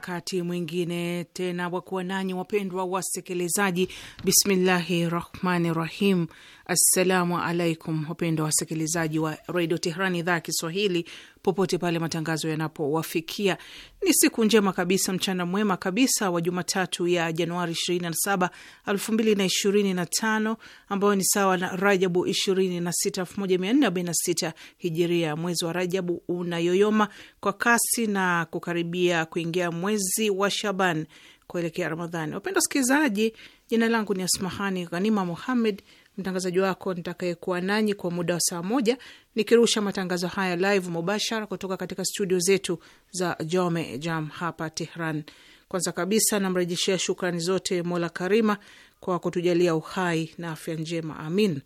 wakati mwingine tena wakuwa nanyi wapendwa wasikilizaji. Bismillahi rahmani rahim. Assalamu alaikum wapendwa wasikilizaji wa redio Tehrani, idhaa ya Kiswahili, popote pale matangazo yanapowafikia. Ni siku njema kabisa, mchana mwema kabisa wa Jumatatu ya Januari 27, 2025 ambayo ni sawa na Rajabu 26, 1446 hijiria. Mwezi wa Rajabu unayoyoma kwa kasi na kukaribia kuingia mwezi wa Shaban kuelekea Ramadhani. Wapenda wasikilizaji, jina langu ni Asmahani Ghanima Muhammed mtangazaji wako nitakayekuwa nanyi kwa muda wa saa moja nikirusha matangazo haya live mubashara kutoka katika studio zetu za Jome Jam hapa Tehran. Kwanza kabisa namrejeshea shukrani zote Mola Karima kwa kutujalia uhai na afya njema, amin.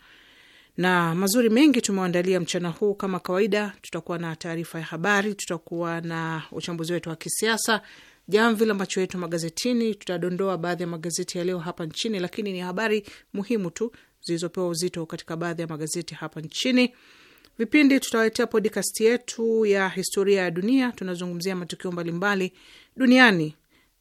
Na mazuri mengi tumewaandalia mchana huu. Kama kawaida, tutakuwa na taarifa ya habari, tutakuwa na uchambuzi wetu wa kisiasa, jamvi la macho yetu magazetini, tutadondoa baadhi ya magazeti ya leo hapa nchini, lakini ni habari muhimu tu zilizopewa uzito katika baadhi ya magazeti hapa nchini. Vipindi tutawaletea podcast yetu ya historia ya dunia, tunazungumzia matukio mbalimbali duniani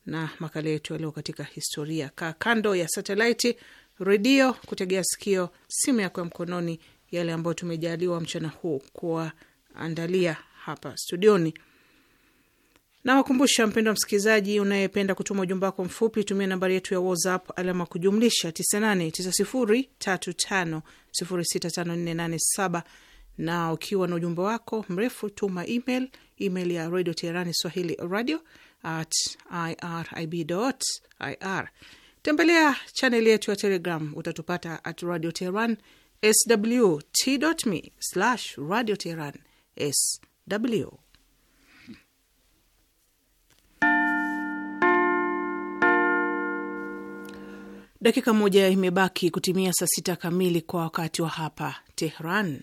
na makala yetu yalio katika historia. Kaa kando ya satelaiti, redio, kutegea sikio, simu yako ya mkononi, yale ambayo tumejaliwa mchana huu kuwaandalia hapa studioni. Nawakumbusha wa msikilizaji, unayependa kutuma ujumbe wako mfupi, tumia nambari yetu ya WhatsApp alama kujumlisha 989035065487 na ukiwa na ujumbe wako mrefu tuma email, email ya Radio Teherani Swahili radio at irib.ir. Tembelea chaneli yetu ya Telegram, utatupata at Radio Teheran sw slash Radio Teheran sw Dakika moja imebaki kutimia saa sita kamili kwa wakati wa hapa Tehran.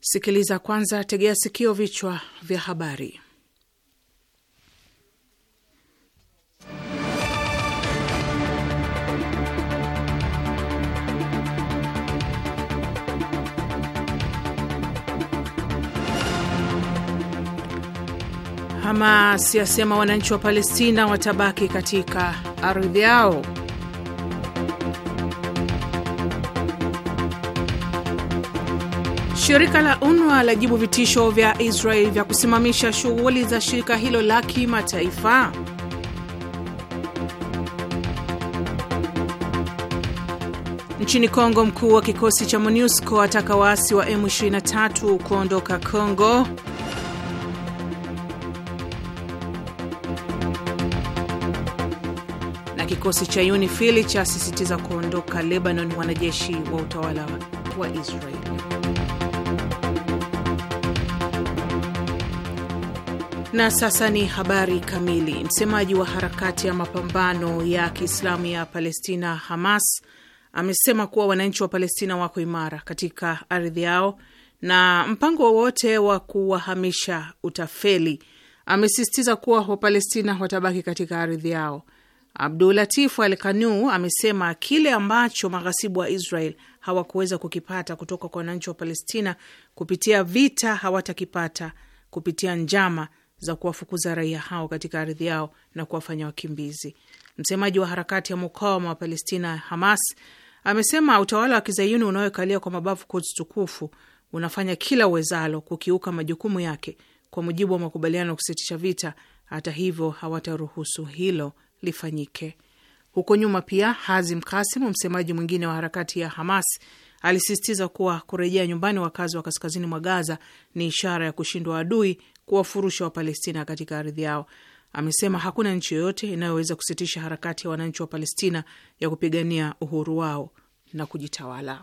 Sikiliza kwanza, tegea sikio, vichwa vya habari. Hamas yasema wananchi wa Palestina watabaki katika ardhi yao. Shirika la UNWA lajibu vitisho vya Israel vya kusimamisha shughuli za shirika hilo la kimataifa. Nchini Kongo, mkuu wa kikosi cha MONUSCO ataka waasi wa M23 kuondoka Kongo. kikosi cha UNIFIL chasisitiza kuondoka Lebanon wanajeshi wa utawala wa Israeli. Na sasa ni habari kamili. Msemaji wa harakati ya mapambano ya Kiislamu ya Palestina, Hamas, amesema kuwa wananchi wa Palestina wako imara katika ardhi yao na mpango wowote wa kuwahamisha utafeli. Amesisitiza kuwa Wapalestina watabaki katika ardhi yao Abdulatifu Al Kanu amesema kile ambacho maghasibu wa Israel hawakuweza kukipata kutoka kwa wananchi wa Palestina kupitia vita hawatakipata kupitia njama za kuwafukuza raia hao katika ardhi yao na kuwafanya wakimbizi. Msemaji wa harakati ya mukawama wa Palestina Hamas amesema utawala wa kizayuni unaoekalia kwa mabavu Quds tukufu unafanya kila uwezalo kukiuka majukumu yake kwa mujibu wa makubaliano ya kusitisha vita. Hata hivyo hawataruhusu hilo lifanyike. Huko nyuma pia, Hazim Kasim, msemaji mwingine wa harakati ya Hamas, alisisitiza kuwa kurejea nyumbani wakazi wa kaskazini mwa Gaza ni ishara ya kushindwa adui kuwafurusha Wapalestina katika ardhi yao. Amesema hakuna nchi yoyote inayoweza kusitisha harakati ya wananchi wa Palestina ya kupigania uhuru wao na kujitawala.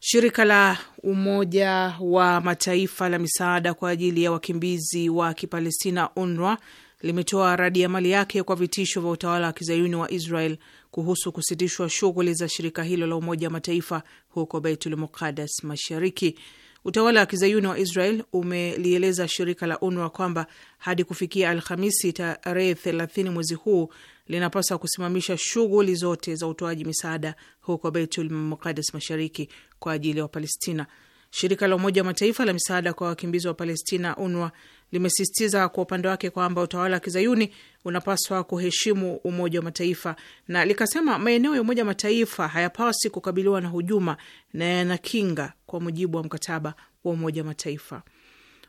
Shirika la Umoja wa Mataifa la misaada kwa ajili ya wakimbizi wa Kipalestina, UNRWA, limetoa radi ya mali yake kwa vitisho vya utawala wa kizayuni wa Israel kuhusu kusitishwa shughuli za shirika hilo la Umoja wa Mataifa huko Baitul muqadas Mashariki. Utawala wa kizayuni wa Israel umelieleza shirika la UNRWA kwamba hadi kufikia Alhamisi tarehe 30 mwezi huu linapaswa kusimamisha shughuli zote za utoaji misaada huko Baitul muqadas Mashariki kwa ajili ya Wapalestina. Shirika la Umoja wa Mataifa la misaada kwa wakimbizi wa Palestina, UNWA, limesisitiza kwa upande wake kwamba utawala wa kizayuni unapaswa kuheshimu Umoja wa Mataifa na likasema maeneo ya Umoja wa Mataifa hayapaswi kukabiliwa na hujuma na yana kinga kwa mujibu wa mkataba wa Umoja wa Mataifa.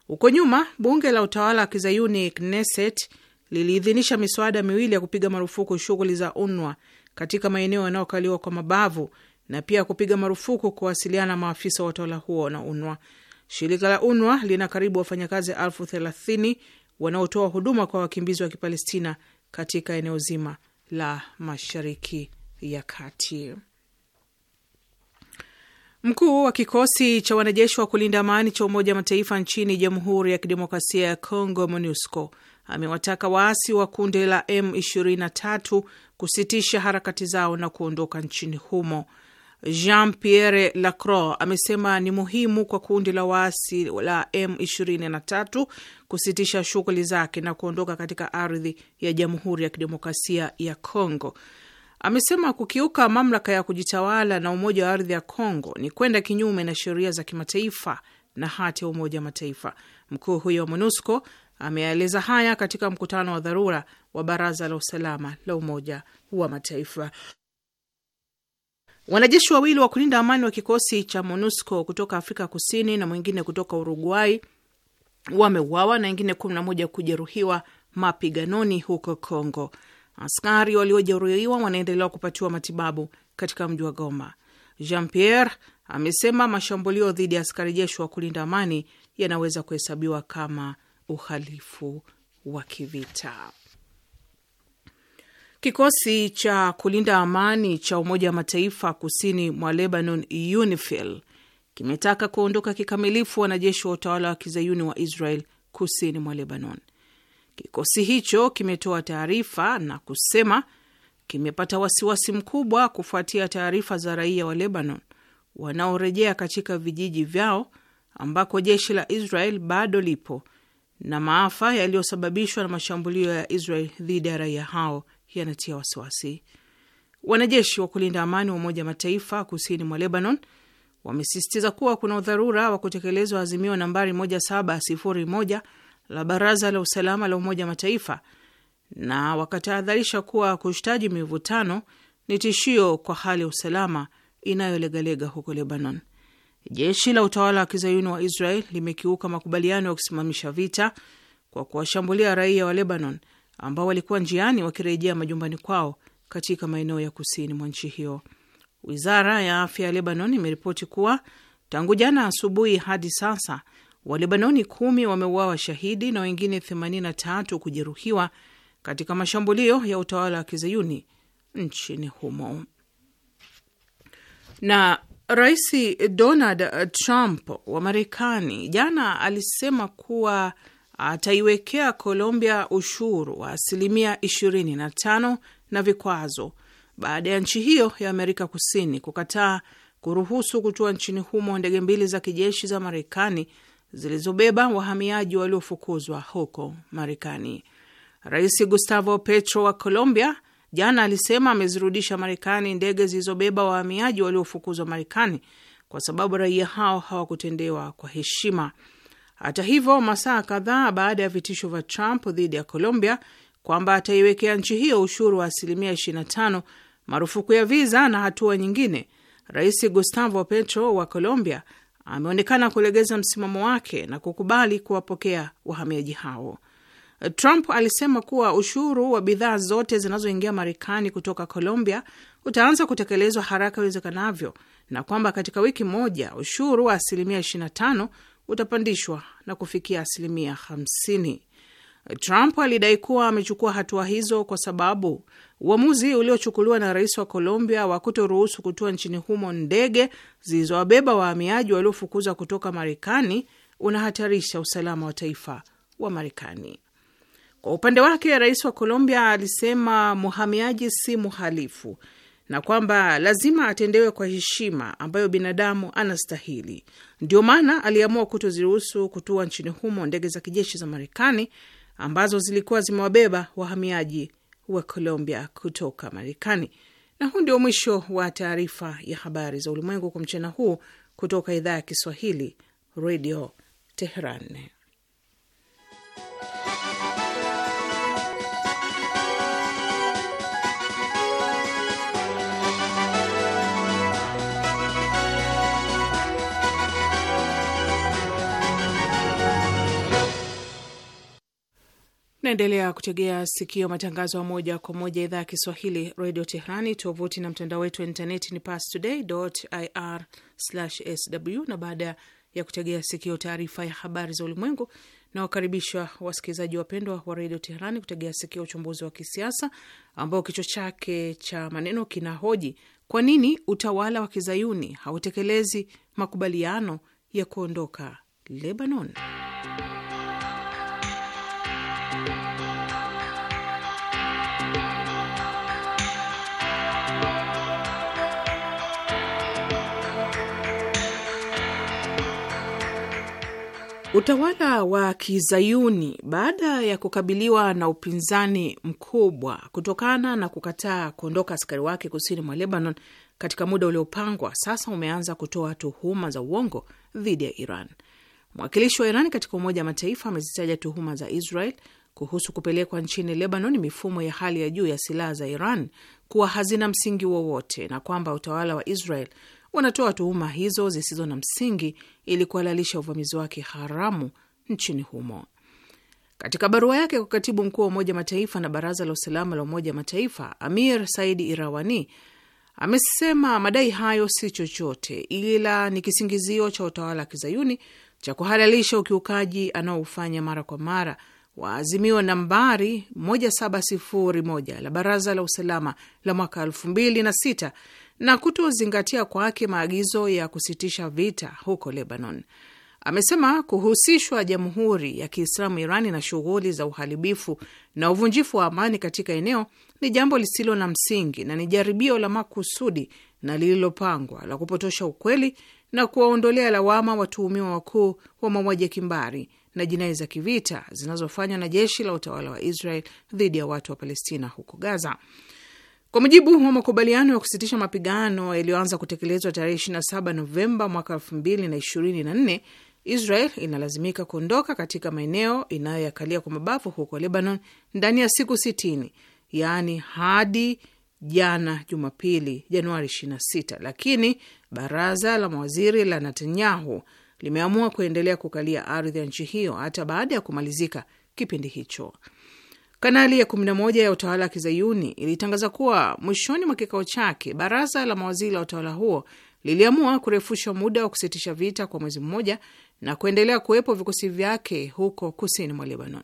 Huko nyuma bunge la utawala wa kizayuni Knesset liliidhinisha miswada miwili ya kupiga marufuku shughuli za UNWA katika maeneo yanayokaliwa kwa mabavu na pia kupiga marufuku kuwasiliana maafisa wa utawala huo na UNWA. Shirika la UNWA lina karibu wafanyakazi elfu thelathini wanaotoa huduma kwa wakimbizi wa Kipalestina katika eneo zima la Mashariki ya Kati. Mkuu wa kikosi cha wanajeshi wa kulinda amani cha Umoja wa Mataifa nchini Jamhuri ya Kidemokrasia ya congo MONUSCO, amewataka waasi wa kundi la M23 kusitisha harakati zao na kuondoka nchini humo. Jean Pierre Lacroix amesema ni muhimu kwa kundi la waasi la M23 kusitisha shughuli zake na kuondoka katika ardhi ya Jamhuri ya Kidemokrasia ya congo Amesema kukiuka mamlaka ya kujitawala na umoja wa ardhi ya congo ni kwenda kinyume na sheria za kimataifa na hati ya Umoja wa Mataifa. Mkuu huyo wa MONUSCO ameeleza haya katika mkutano wa dharura wa Baraza la Usalama la Umoja wa Mataifa. Wanajeshi wawili wa kulinda amani wa kikosi cha MONUSCO kutoka Afrika Kusini na mwingine kutoka Uruguay wameuawa na wengine 11 kujeruhiwa mapiganoni huko Congo. Askari waliojeruhiwa wanaendelea kupatiwa matibabu katika mji wa Goma. Jean Pierre amesema mashambulio dhidi ya askari jeshi wa kulinda amani yanaweza kuhesabiwa kama uhalifu wa kivita. Kikosi cha kulinda amani cha Umoja wa Mataifa kusini mwa Lebanon, UNIFIL, kimetaka kuondoka kikamilifu wanajeshi wa utawala wa kizayuni wa Israel kusini mwa Lebanon. Kikosi hicho kimetoa taarifa na kusema kimepata wasiwasi mkubwa kufuatia taarifa za raia wa Lebanon wanaorejea katika vijiji vyao ambako jeshi la Israel bado lipo na maafa yaliyosababishwa na mashambulio ya Israel dhidi ya raia hao yanatia wasiwasi. Wanajeshi wa kulinda amani wa Umoja Mataifa kusini mwa Lebanon wamesisitiza kuwa kuna udharura wa kutekelezwa azimio nambari 1701 la Baraza la Usalama la Umoja Mataifa na wakatahadharisha kuwa kushtaji mivutano ni tishio kwa hali ya usalama inayolegalega huko Lebanon. Jeshi la utawala wa kizayuni wa Israel limekiuka makubaliano ya kusimamisha vita kwa kuwashambulia raia wa Lebanon ambao walikuwa njiani wakirejea majumbani kwao katika maeneo ya kusini mwa nchi hiyo. Wizara ya afya ya Lebanon imeripoti kuwa tangu jana asubuhi hadi sasa Walebanoni kumi wameuawa shahidi na wengine 83 kujeruhiwa katika mashambulio ya utawala wa kizayuni nchini humo. Na Rais Donald Trump wa Marekani jana alisema kuwa ataiwekea Colombia ushuru wa asilimia 25 na vikwazo baada ya nchi hiyo ya Amerika Kusini kukataa kuruhusu kutua nchini humo ndege mbili za kijeshi za Marekani zilizobeba wahamiaji waliofukuzwa huko Marekani. Rais Gustavo Petro wa Colombia jana alisema amezirudisha Marekani ndege zilizobeba wahamiaji waliofukuzwa Marekani kwa sababu raia hao hawakutendewa kwa heshima. Hata hivyo, masaa kadhaa baada ya vitisho vya Trump dhidi ya Colombia kwamba ataiwekea nchi hiyo ushuru wa asilimia 25, marufuku ya viza na hatua nyingine, Rais Gustavo Petro wa Colombia ameonekana kulegeza msimamo wake na kukubali kuwapokea wahamiaji hao. Trump alisema kuwa ushuru wa bidhaa zote zinazoingia Marekani kutoka Colombia utaanza kutekelezwa haraka iwezekanavyo na kwamba katika wiki moja ushuru wa asilimia 25 utapandishwa na kufikia asilimia 50. Trump alidai kuwa amechukua hatua hizo kwa sababu uamuzi uliochukuliwa na rais wa Colombia wa kutoruhusu kutua nchini humo ndege zilizowabeba wahamiaji waliofukuzwa kutoka Marekani unahatarisha usalama wa taifa wa Marekani. Kwa upande wake, rais wa Colombia alisema mhamiaji si muhalifu na kwamba lazima atendewe kwa heshima ambayo binadamu anastahili. Ndio maana aliamua kutoziruhusu kutua nchini humo ndege za kijeshi za Marekani ambazo zilikuwa zimewabeba wahamiaji wa Colombia kutoka Marekani. Na huu ndio mwisho wa taarifa ya habari za ulimwengu kwa mchana huu kutoka idhaa ya Kiswahili, Radio Teheran. Naendelea kutegea sikio matangazo ya moja kwa moja idhaa ya Kiswahili redio Tehrani. Tovuti na mtandao wetu wa intaneti ni pastoday.ir/sw. Na baada ya kutegea sikio taarifa ya habari za ulimwengu, nawakaribisha wasikilizaji wapendwa wa redio Tehrani kutegea sikio uchambuzi wa kisiasa ambao kichwa chake cha maneno kinahoji kwa nini utawala wa kizayuni hautekelezi makubaliano ya kuondoka Lebanon. Utawala wa kizayuni baada ya kukabiliwa na upinzani mkubwa kutokana na kukataa kuondoka askari wake kusini mwa Lebanon katika muda uliopangwa, sasa umeanza kutoa tuhuma za uongo dhidi ya Iran. Mwakilishi wa Iran katika Umoja wa Mataifa amezitaja tuhuma za Israel kuhusu kupelekwa nchini Lebanon mifumo ya hali ya juu ya silaha za Iran kuwa hazina msingi wowote na kwamba utawala wa Israel wanatoa tuhuma hizo zisizo na msingi ili kuhalalisha uvamizi wake haramu nchini humo. Katika barua yake kwa katibu mkuu wa Umoja Mataifa na Baraza la Usalama la Umoja Mataifa, Amir Saidi Irawani amesema madai hayo si chochote ila ni kisingizio cha utawala wa kizayuni cha kuhalalisha ukiukaji anaoufanya mara kwa mara wa azimio nambari 1701 la Baraza la Usalama la mwaka 2006 na kutozingatia kwake maagizo ya kusitisha vita huko Lebanon. Amesema kuhusishwa Jamhuri ya Kiislamu Irani na shughuli za uharibifu na uvunjifu wa amani katika eneo ni jambo lisilo na msingi na ni jaribio la makusudi na lililopangwa la kupotosha ukweli na kuwaondolea lawama watuhumiwa wakuu wa mauaji ya kimbari na jinai za kivita zinazofanywa na jeshi la utawala wa Israel dhidi ya watu wa Palestina huko Gaza. Kwa mujibu wa makubaliano ya kusitisha mapigano yaliyoanza kutekelezwa tarehe 27 Novemba mwaka 2024, Israel inalazimika kuondoka katika maeneo inayoyakalia kwa mabavu huko Lebanon ndani ya siku 60, yaani hadi jana Jumapili, Januari 26, lakini baraza la mawaziri la Netanyahu limeamua kuendelea kukalia ardhi ya nchi hiyo hata baada ya kumalizika kipindi hicho. Kanali ya 11 ya utawala wa kizayuni ilitangaza kuwa mwishoni mwa kikao chake baraza la mawaziri la utawala huo liliamua kurefusha muda wa kusitisha vita kwa mwezi mmoja na kuendelea kuwepo vikosi vyake huko kusini mwa Lebanon.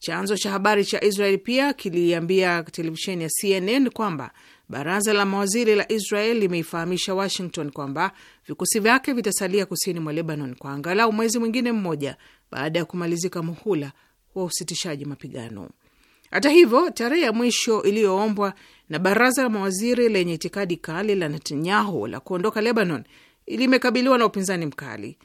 Chanzo cha habari cha Israel pia kiliambia televisheni ya CNN kwamba baraza la mawaziri la Israel limeifahamisha Washington kwamba vikosi vyake vitasalia kusini mwa Lebanon kwa angalau mwezi mwingine mmoja baada ya kumalizika muhula wa usitishaji mapigano. Hata hivyo, tarehe ya mwisho iliyoombwa na baraza la mawaziri lenye itikadi kali la Netanyahu la kuondoka Lebanon limekabiliwa na upinzani mkali.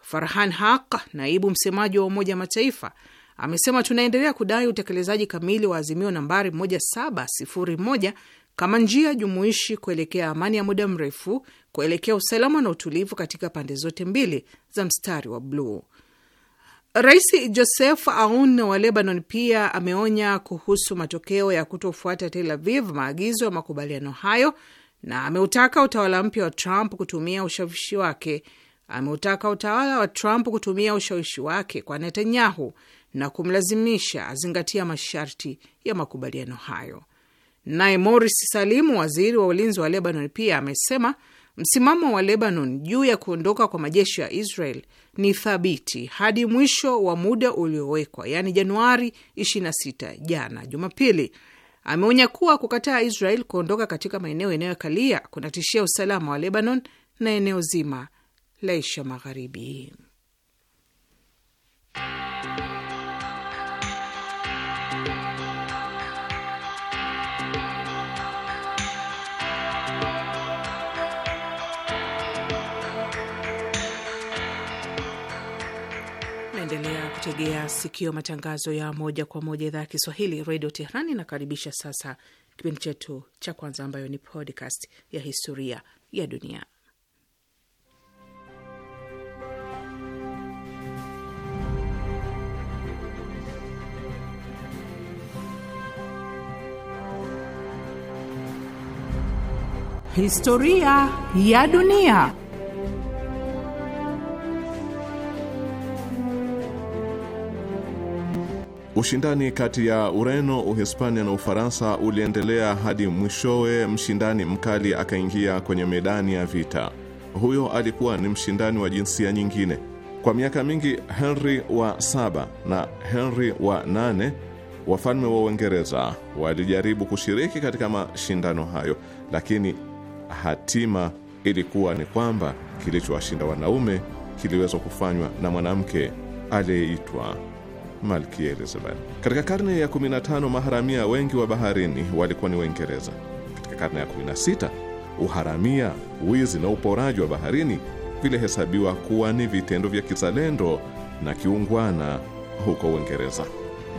Farhan Haq, naibu msemaji wa Umoja wa Mataifa, amesema tunaendelea kudai utekelezaji kamili wa azimio nambari 1701 kama njia jumuishi kuelekea amani ya muda mrefu, kuelekea usalama na utulivu katika pande zote mbili za mstari wa bluu. Rais Joseph Aoun wa Lebanon pia ameonya kuhusu matokeo ya kutofuata Tel Aviv maagizo ya makubaliano hayo na ameutaka utawala mpya wa Trump kutumia ushawishi wake. Ameutaka utawala wa Trump kutumia ushawishi wake kwa Netanyahu na kumlazimisha azingatia masharti ya makubaliano hayo. Naye Moris Salimu, waziri wa ulinzi wa Lebanon, pia amesema Msimamo wa Lebanon juu ya kuondoka kwa majeshi ya Israel ni thabiti hadi mwisho wa muda uliowekwa, yaani Januari 26 jana Jumapili. Ameonya kuwa kukataa Israel kuondoka katika maeneo yanayokalia kunatishia usalama wa Lebanon na eneo zima la Asia Magharibi. Unaendelea kutegea sikio matangazo ya moja kwa moja idhaa ya Kiswahili redio Teherani. Inakaribisha sasa kipindi chetu cha kwanza, ambayo ni podcast ya historia ya dunia. Historia ya dunia. Ushindani kati ya Ureno, Uhispania na Ufaransa uliendelea hadi mwishowe mshindani mkali akaingia kwenye medani ya vita. Huyo alikuwa ni mshindani wa jinsia nyingine. Kwa miaka mingi, Henry wa saba na Henry wa nane wafalme wa Uingereza walijaribu kushiriki katika mashindano hayo, lakini hatima ilikuwa ni kwamba kilichowashinda wanaume kiliweza kufanywa na mwanamke aliyeitwa Malkia Elizabeth. Katika karne ya 15 maharamia wengi wa baharini walikuwa ni Waingereza. Katika karne ya 16 uharamia, wizi na uporaji wa baharini vilihesabiwa kuwa ni vitendo vya kizalendo na kiungwana huko Uingereza.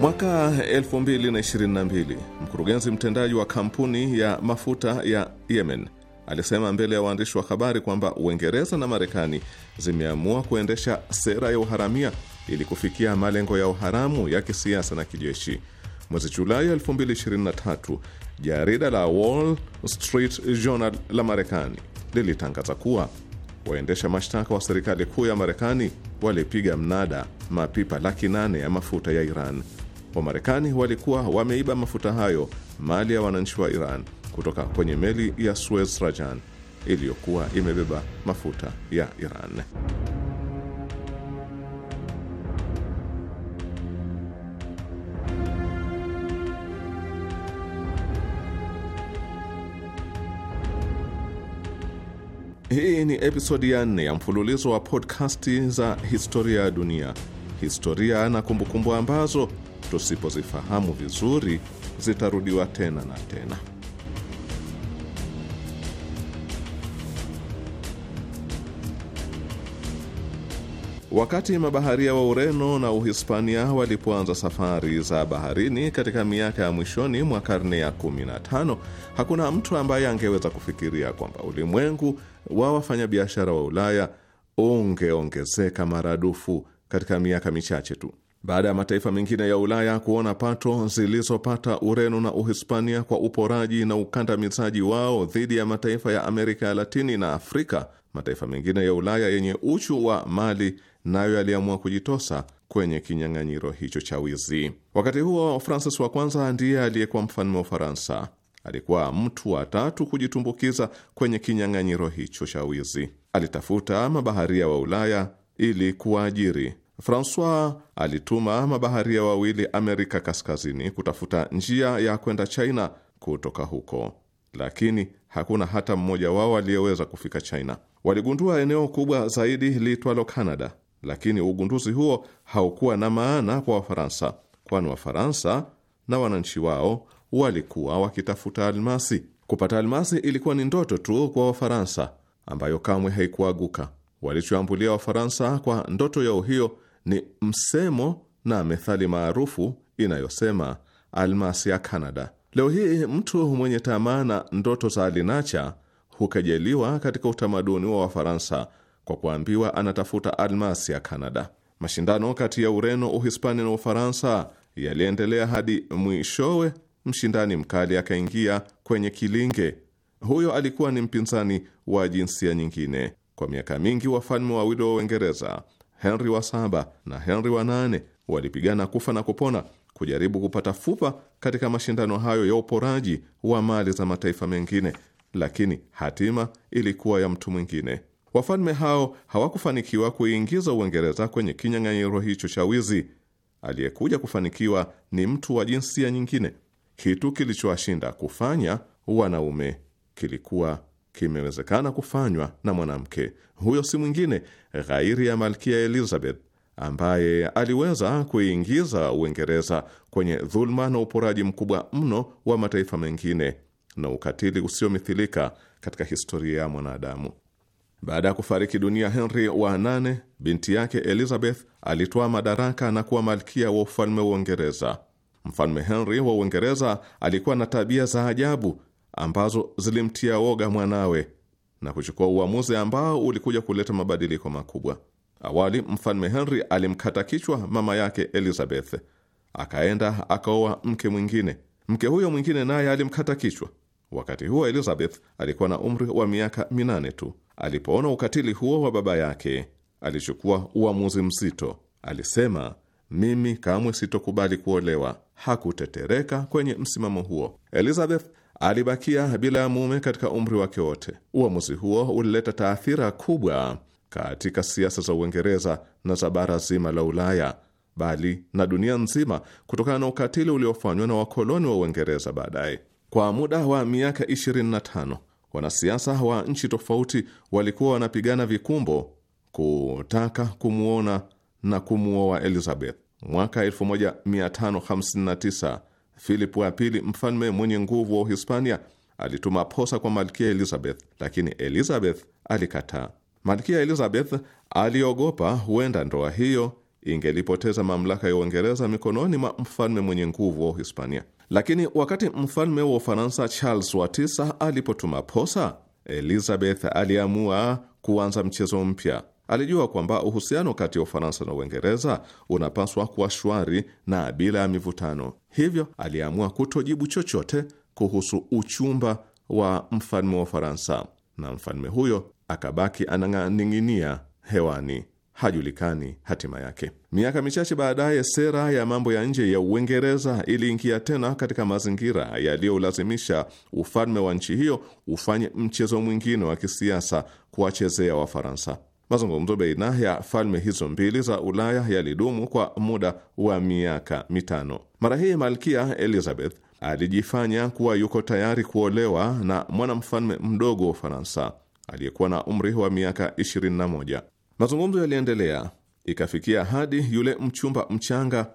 Mwaka 2022 mkurugenzi mtendaji wa kampuni ya mafuta ya Yemen alisema mbele ya waandishi wa habari kwamba Uingereza na Marekani zimeamua kuendesha sera ya uharamia ili kufikia malengo ya uharamu ya kisiasa na kijeshi. Mwezi Julai 2023 jarida la Wall Street Journal la Marekani lilitangaza kuwa waendesha mashtaka wa serikali kuu ya Marekani walipiga mnada mapipa laki nane ya mafuta ya Iran. Wamarekani walikuwa wameiba mafuta hayo, mali ya wananchi wa Iran, kutoka kwenye meli ya Suez Rajan iliyokuwa imebeba mafuta ya Iran. Hii ni episodi ya nne ya mfululizo wa podkasti za historia ya dunia, historia na kumbukumbu ambazo tusipozifahamu vizuri zitarudiwa tena na tena. Wakati mabaharia wa Ureno na Uhispania walipoanza safari za baharini katika miaka ya mwishoni mwa karne ya 15, hakuna mtu ambaye angeweza kufikiria kwamba ulimwengu wa wafanyabiashara wa Ulaya ungeongezeka maradufu katika miaka michache tu. Baada ya mataifa mengine ya Ulaya kuona pato zilizopata Ureno na Uhispania kwa uporaji na ukandamizaji wao dhidi ya mataifa ya Amerika ya Latini na Afrika, mataifa mengine ya Ulaya yenye uchu wa mali nayo aliamua kujitosa kwenye kinyang'anyiro hicho cha wizi. Wakati huo Francis wa kwanza ndiye aliyekuwa mfalme wa Ufaransa. Alikuwa mtu wa tatu kujitumbukiza kwenye kinyang'anyiro hicho cha wizi. Alitafuta mabaharia wa Ulaya ili kuwaajiri. Francois alituma mabaharia wawili Amerika Kaskazini kutafuta njia ya kwenda China kutoka huko, lakini hakuna hata mmoja wao aliyeweza kufika China. Waligundua eneo kubwa zaidi liitwalo Canada lakini ugunduzi huo haukuwa na maana kwa Wafaransa, kwani Wafaransa na wananchi wao walikuwa wakitafuta almasi. Kupata almasi ilikuwa ni ndoto tu kwa Wafaransa, ambayo kamwe haikuaguka. Walichoambulia Wafaransa kwa ndoto yao hiyo ni msemo na methali maarufu inayosema almasi ya Kanada. Leo hii mtu mwenye tamaa na ndoto za alinacha hukejeliwa katika utamaduni wa Wafaransa kwa kuambiwa anatafuta almasi ya Kanada. Mashindano kati ya Ureno, Uhispania na Ufaransa yaliendelea hadi mwishowe, mshindani mkali akaingia kwenye kilinge. Huyo alikuwa ni mpinzani wa jinsia nyingine. Kwa miaka mingi wafalme wawili wa Uingereza, Henry wa saba na Henry wa nane, walipigana kufa na kupona kujaribu kupata fupa katika mashindano hayo ya uporaji wa mali za mataifa mengine, lakini hatima ilikuwa ya mtu mwingine. Wafalme hao hawakufanikiwa kuiingiza Uingereza kwenye kinyang'anyiro hicho cha wizi. Aliyekuja kufanikiwa ni mtu wa jinsia nyingine. Kitu kilichowashinda kufanya wanaume kilikuwa kimewezekana kufanywa na mwanamke. Huyo si mwingine ghairi ya Malkia Elizabeth ambaye aliweza kuiingiza Uingereza kwenye dhuluma na uporaji mkubwa mno wa mataifa mengine na ukatili usiomithilika katika historia ya mwanadamu. Baada ya kufariki dunia Henry wa nane, binti yake Elizabeth alitoa madaraka na kuwa malkia wa ufalme wa Uingereza. Mfalme Henry wa Uingereza alikuwa na tabia za ajabu ambazo zilimtia woga mwanawe na kuchukua uamuzi ambao ulikuja kuleta mabadiliko makubwa. Awali mfalme Henry alimkata kichwa mama yake Elizabeth, akaenda akaoa mke mwingine. Mke huyo mwingine naye alimkata kichwa. Wakati huo Elizabeth alikuwa na umri wa miaka minane tu. Alipoona ukatili huo wa baba yake, alichukua uamuzi mzito. Alisema, mimi kamwe sitokubali kuolewa. Hakutetereka kwenye msimamo huo. Elizabeth alibakia bila ya mume katika umri wake wote. Uamuzi huo ulileta taathira kubwa katika siasa za Uingereza na za bara zima la Ulaya, bali na dunia nzima, kutokana na ukatili uliofanywa na wakoloni wa Uingereza baadaye. Kwa muda wa miaka 25 wanasiasa wa nchi tofauti walikuwa wanapigana vikumbo kutaka kumwona na kumuoa Elizabeth. Mwaka 1559 Philip wa pili, mfalme mwenye nguvu wa Uhispania, alituma posa kwa malkia Elizabeth, lakini Elizabeth alikataa. Malkia Elizabeth aliogopa huenda ndoa hiyo ingelipoteza mamlaka ya Uingereza mikononi mwa mfalme mwenye nguvu wa Uhispania. Lakini wakati mfalme wa Ufaransa Charles wa tisa alipotuma posa, Elizabeth aliamua kuanza mchezo mpya. Alijua kwamba uhusiano kati ya Ufaransa na Uingereza unapaswa kuwa shwari na bila ya mivutano, hivyo aliamua kutojibu chochote kuhusu uchumba wa mfalme wa Ufaransa, na mfalme huyo akabaki anang'aning'inia hewani hajulikani hatima yake. Miaka michache baadaye, sera ya mambo ya nje ya Uingereza iliingia tena katika mazingira yaliyolazimisha ufalme wa nchi hiyo ufanye mchezo mwingine wa kisiasa kuwachezea Wafaransa. Mazungumzo baina ya falme hizo mbili za Ulaya yalidumu kwa muda wa miaka mitano. Mara hii malkia Elizabeth alijifanya kuwa yuko tayari kuolewa na mwanamfalme mdogo wa Ufaransa aliyekuwa na umri wa miaka 21. Mazungumzo yaliendelea ikafikia hadi yule mchumba mchanga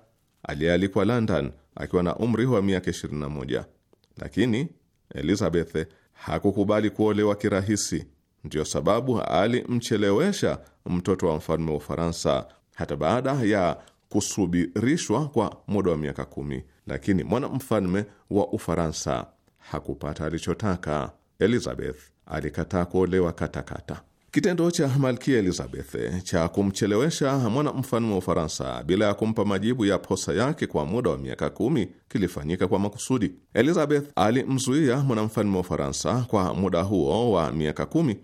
aliyealikwa London akiwa na umri wa miaka 21, lakini Elizabeth hakukubali kuolewa kirahisi. Ndiyo sababu alimchelewesha mtoto wa mfalme wa Ufaransa hata baada ya kusubirishwa kwa muda wa miaka kumi, lakini mwana mfalme wa Ufaransa hakupata alichotaka. Elizabeth alikataa kuolewa katakata. Kitendo cha Malkia Elizabeth cha kumchelewesha mwanamfalme wa Ufaransa bila ya kumpa majibu ya posa yake kwa muda wa miaka kumi kilifanyika kwa makusudi. Elizabeth alimzuia mwanamfalme wa Ufaransa kwa muda huo wa miaka kumi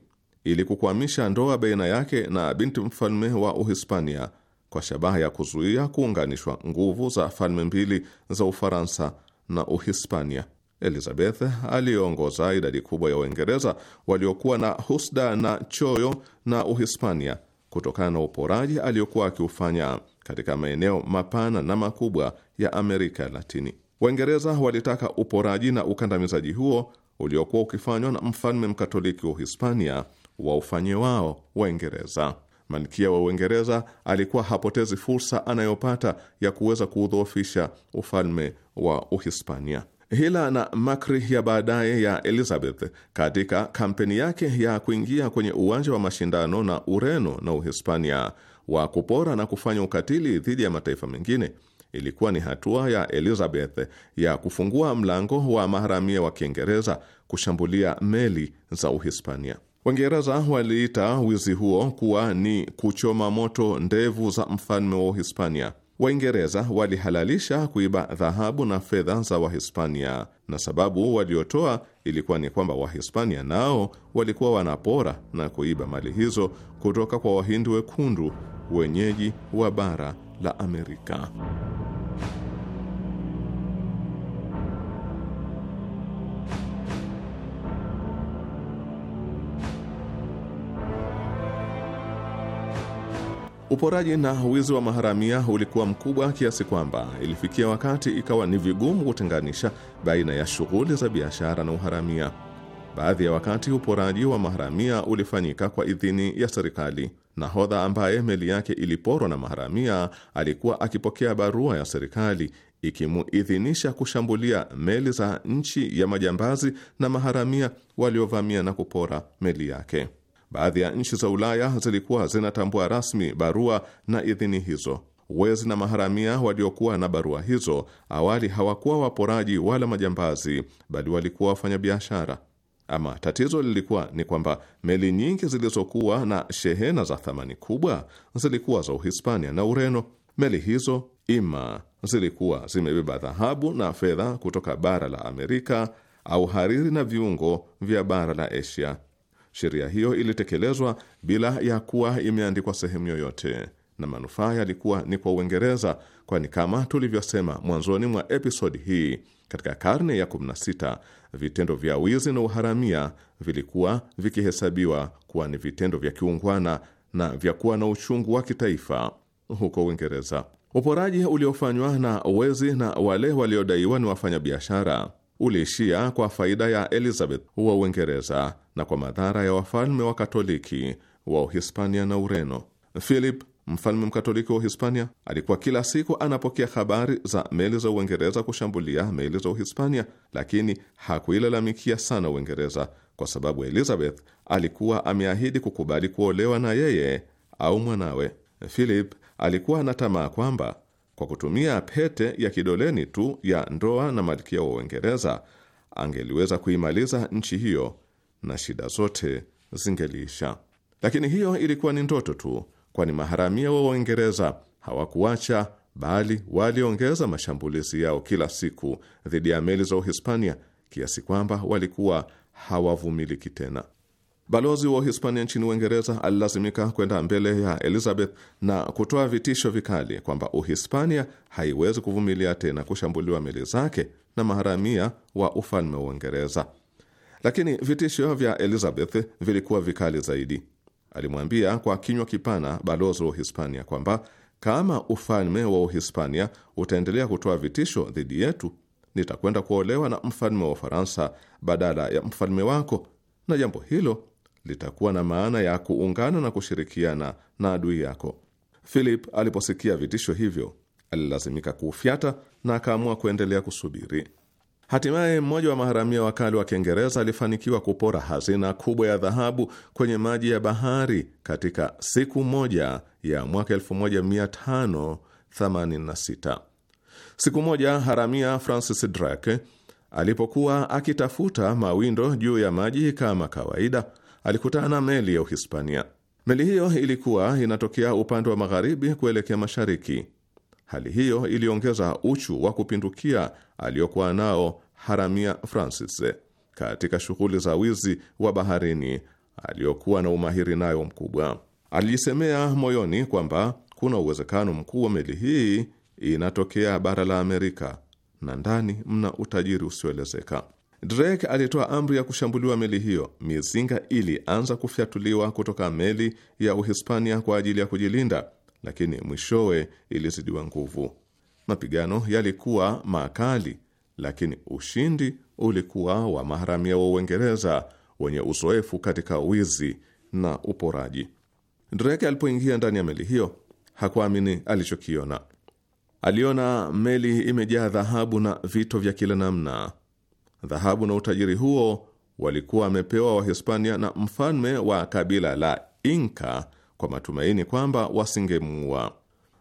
ili kukwamisha ndoa baina yake na binti mfalme wa Uhispania kwa shabaha ya kuzuia kuunganishwa nguvu za falme mbili za Ufaransa na Uhispania. Elizabeth aliongoza idadi kubwa ya Waingereza waliokuwa na husda na choyo na Uhispania kutokana na uporaji aliyokuwa akiufanya katika maeneo mapana na makubwa ya Amerika Latini. Waingereza walitaka uporaji na ukandamizaji huo uliokuwa ukifanywa na mfalme mkatoliki wa Uhispania wa ufanye wao Waingereza. Malkia wa Uingereza alikuwa hapotezi fursa anayopata ya kuweza kuudhoofisha ufalme wa Uhispania. Hila na makri ya baadaye ya Elizabeth katika kampeni yake ya kuingia kwenye uwanja wa mashindano na Ureno na Uhispania wa kupora na kufanya ukatili dhidi ya mataifa mengine ilikuwa ni hatua ya Elizabeth ya kufungua mlango wa maharamia wa Kiingereza kushambulia meli za Uhispania. Waingereza waliita wizi huo kuwa ni kuchoma moto ndevu za mfalme wa Uhispania. Waingereza walihalalisha kuiba dhahabu na fedha za Wahispania, na sababu waliotoa ilikuwa ni kwamba Wahispania nao walikuwa wanapora na kuiba mali hizo kutoka kwa Wahindi wekundu wenyeji wa bara la Amerika. Uporaji na wizi wa maharamia ulikuwa mkubwa kiasi kwamba ilifikia wakati ikawa ni vigumu kutenganisha baina ya shughuli za biashara na uharamia. Baadhi ya wakati uporaji wa maharamia ulifanyika kwa idhini ya serikali. Nahodha ambaye meli yake iliporwa na maharamia alikuwa akipokea barua ya serikali ikimuidhinisha kushambulia meli za nchi ya majambazi na maharamia waliovamia na kupora meli yake. Baadhi ya nchi za Ulaya zilikuwa zinatambua rasmi barua na idhini hizo. Wezi na maharamia waliokuwa na barua hizo awali hawakuwa waporaji wala majambazi, bali walikuwa wafanyabiashara. Ama tatizo lilikuwa ni kwamba meli nyingi zilizokuwa na shehena za thamani kubwa zilikuwa za Uhispania na Ureno. Meli hizo ima zilikuwa zimebeba dhahabu na fedha kutoka bara la Amerika au hariri na viungo vya bara la Asia. Sheria hiyo ilitekelezwa bila ya kuwa imeandikwa sehemu yoyote, na manufaa yalikuwa ni kwa Uingereza, kwani kama tulivyosema mwanzoni mwa episodi hii, katika karne ya 16 vitendo vya wizi na uharamia vilikuwa vikihesabiwa kuwa ni vitendo vya kiungwana na vya kuwa na uchungu wa kitaifa huko Uingereza. Uporaji uliofanywa na wezi na wale waliodaiwa ni wafanyabiashara uliishia kwa faida ya Elizabeth wa Uingereza na kwa madhara ya wafalme wa Katoliki wa Uhispania na Ureno. Philip mfalme mkatoliki wa Uhispania alikuwa kila siku anapokea habari za meli za Uingereza kushambulia meli za Uhispania, lakini hakuilalamikia sana Uingereza kwa sababu Elizabeth alikuwa ameahidi kukubali kuolewa na yeye au mwanawe. Philip alikuwa na tamaa kwamba kwa kutumia pete ya kidoleni tu ya ndoa na malkia wa Uingereza angeliweza kuimaliza nchi hiyo na shida zote zingeliisha. Lakini hiyo ilikuwa ni ndoto tu, kwani maharamia wa Uingereza hawakuacha, bali waliongeza mashambulizi yao kila siku dhidi ya meli za Uhispania kiasi kwamba walikuwa hawavumiliki tena. Balozi wa Uhispania nchini Uingereza alilazimika kwenda mbele ya Elizabeth na kutoa vitisho vikali kwamba Uhispania haiwezi kuvumilia tena kushambuliwa meli zake na maharamia wa ufalme wa Uingereza. Lakini vitisho vya Elizabeth vilikuwa vikali zaidi. Alimwambia kwa kinywa kipana balozi wa Uhispania kwamba kama ufalme wa Uhispania utaendelea kutoa vitisho dhidi yetu, nitakwenda kuolewa na mfalme wa Ufaransa badala ya mfalme wako, na jambo hilo litakuwa na maana ya kuungana na kushirikiana na adui yako. Philip aliposikia vitisho hivyo, alilazimika kuufyata na akaamua kuendelea kusubiri. Hatimaye mmoja wa maharamia wakali wa Kiingereza alifanikiwa kupora hazina kubwa ya dhahabu kwenye maji ya bahari katika siku moja ya mwaka 1586. Siku moja haramia Francis Drake alipokuwa akitafuta mawindo juu ya maji kama kawaida, alikutana na meli ya Uhispania. Meli hiyo ilikuwa inatokea upande wa magharibi kuelekea mashariki. Hali hiyo iliongeza uchu wa kupindukia aliyokuwa nao haramia Francis katika shughuli za wizi wa baharini aliyokuwa na umahiri nayo mkubwa. Alijisemea moyoni kwamba kuna uwezekano mkuu wa meli hii inatokea bara la Amerika na ndani mna utajiri usioelezeka. Drake alitoa amri ya kushambuliwa meli hiyo. Mizinga ilianza kufyatuliwa kutoka meli ya Uhispania kwa ajili ya kujilinda, lakini mwishowe ilizidiwa nguvu. Mapigano yalikuwa makali, lakini ushindi ulikuwa wa maharamia wa Uingereza wenye uzoefu katika wizi na uporaji. Drake alipoingia ndani ya meli hiyo hakuamini alichokiona. Aliona meli imejaa dhahabu na vito vya kila namna Dhahabu na utajiri huo walikuwa wamepewa Wahispania na mfalme wa kabila la Inka kwa matumaini kwamba wasingemuua.